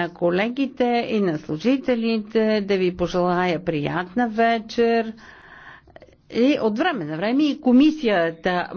на колегите и на служителите, да ви пожелая приятна вечер. И от време на време и комисията